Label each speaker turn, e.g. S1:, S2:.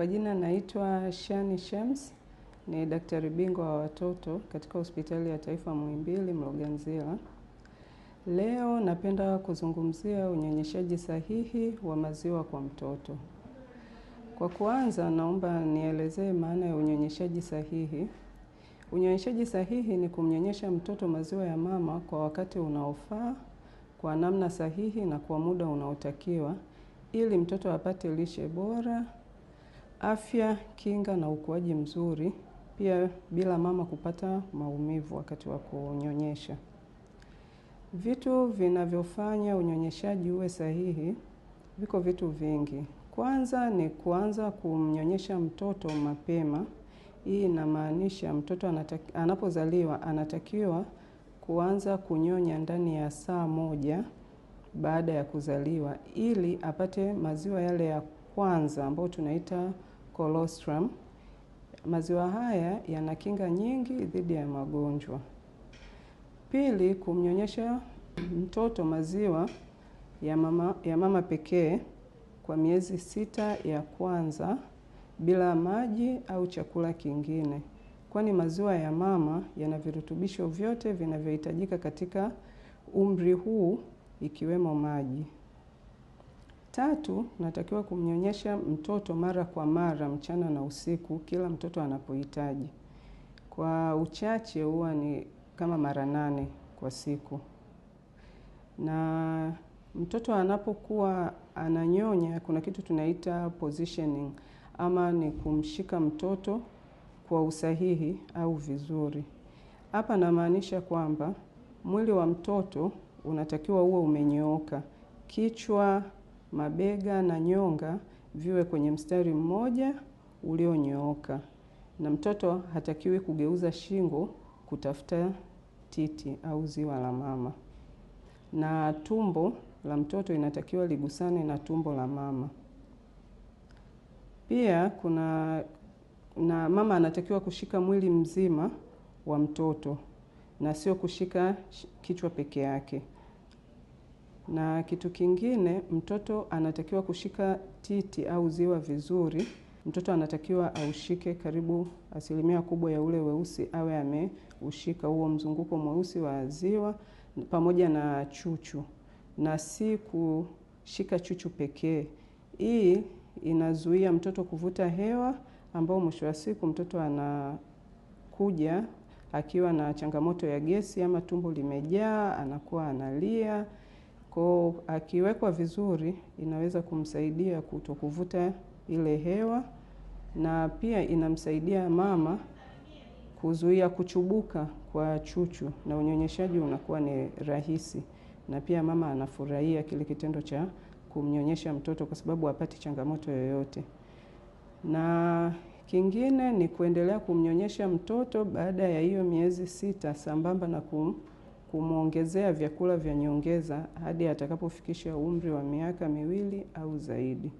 S1: Kwa jina naitwa Shani Shams, ni daktari bingwa wa watoto katika hospitali ya taifa Muhimbili Mloganzila. Leo napenda kuzungumzia unyonyeshaji sahihi wa maziwa kwa mtoto. Kwa kuanza, naomba nielezee maana ya unyonyeshaji sahihi. Unyonyeshaji sahihi ni kumnyonyesha mtoto maziwa ya mama kwa wakati unaofaa, kwa namna sahihi na kwa muda unaotakiwa, ili mtoto apate lishe bora afya, kinga na ukuaji mzuri, pia bila mama kupata maumivu wakati wa kunyonyesha. Vitu vinavyofanya unyonyeshaji uwe sahihi viko vitu vingi. Kwanza ni kuanza kumnyonyesha mtoto mapema. Hii inamaanisha mtoto anataki, anapozaliwa anatakiwa kuanza kunyonya ndani ya saa moja baada ya kuzaliwa ili apate maziwa yale ya kwanza ambayo tunaita colostrum. Maziwa haya yana kinga nyingi dhidi ya magonjwa. Pili, kumnyonyesha mtoto maziwa ya mama, ya mama pekee kwa miezi sita ya kwanza bila maji au chakula kingine, kwani maziwa ya mama yana virutubisho vyote vinavyohitajika katika umri huu ikiwemo maji. Tatu, natakiwa kumnyonyesha mtoto mara kwa mara, mchana na usiku, kila mtoto anapohitaji. Kwa uchache huwa ni kama mara nane kwa siku, na mtoto anapokuwa ananyonya, kuna kitu tunaita positioning ama ni kumshika mtoto kwa usahihi au vizuri. Hapa namaanisha kwamba mwili wa mtoto unatakiwa uwe umenyooka, kichwa mabega na nyonga viwe kwenye mstari mmoja ulionyooka, na mtoto hatakiwi kugeuza shingo kutafuta titi au ziwa la mama, na tumbo la mtoto inatakiwa ligusane na tumbo la mama. Pia kuna na mama anatakiwa kushika mwili mzima wa mtoto na sio kushika kichwa peke yake. Na kitu kingine, mtoto anatakiwa kushika titi au ziwa vizuri. Mtoto anatakiwa aushike karibu asilimia kubwa ya ule weusi awe ameushika huo mzunguko mweusi wa ziwa pamoja na chuchu, na si kushika chuchu pekee. Hii inazuia mtoto kuvuta hewa, ambao mwisho wa siku mtoto anakuja akiwa na changamoto ya gesi ama tumbo limejaa, anakuwa analia. Kwa akiwekwa vizuri inaweza kumsaidia kutokuvuta ile hewa na pia inamsaidia mama kuzuia kuchubuka kwa chuchu na unyonyeshaji unakuwa ni rahisi, na pia mama anafurahia kile kitendo cha kumnyonyesha mtoto kwa sababu hapati changamoto yoyote. Na kingine ni kuendelea kumnyonyesha mtoto baada ya hiyo miezi sita sambamba na kum kumwongezea vyakula vya nyongeza hadi atakapofikisha umri wa miaka miwili au zaidi.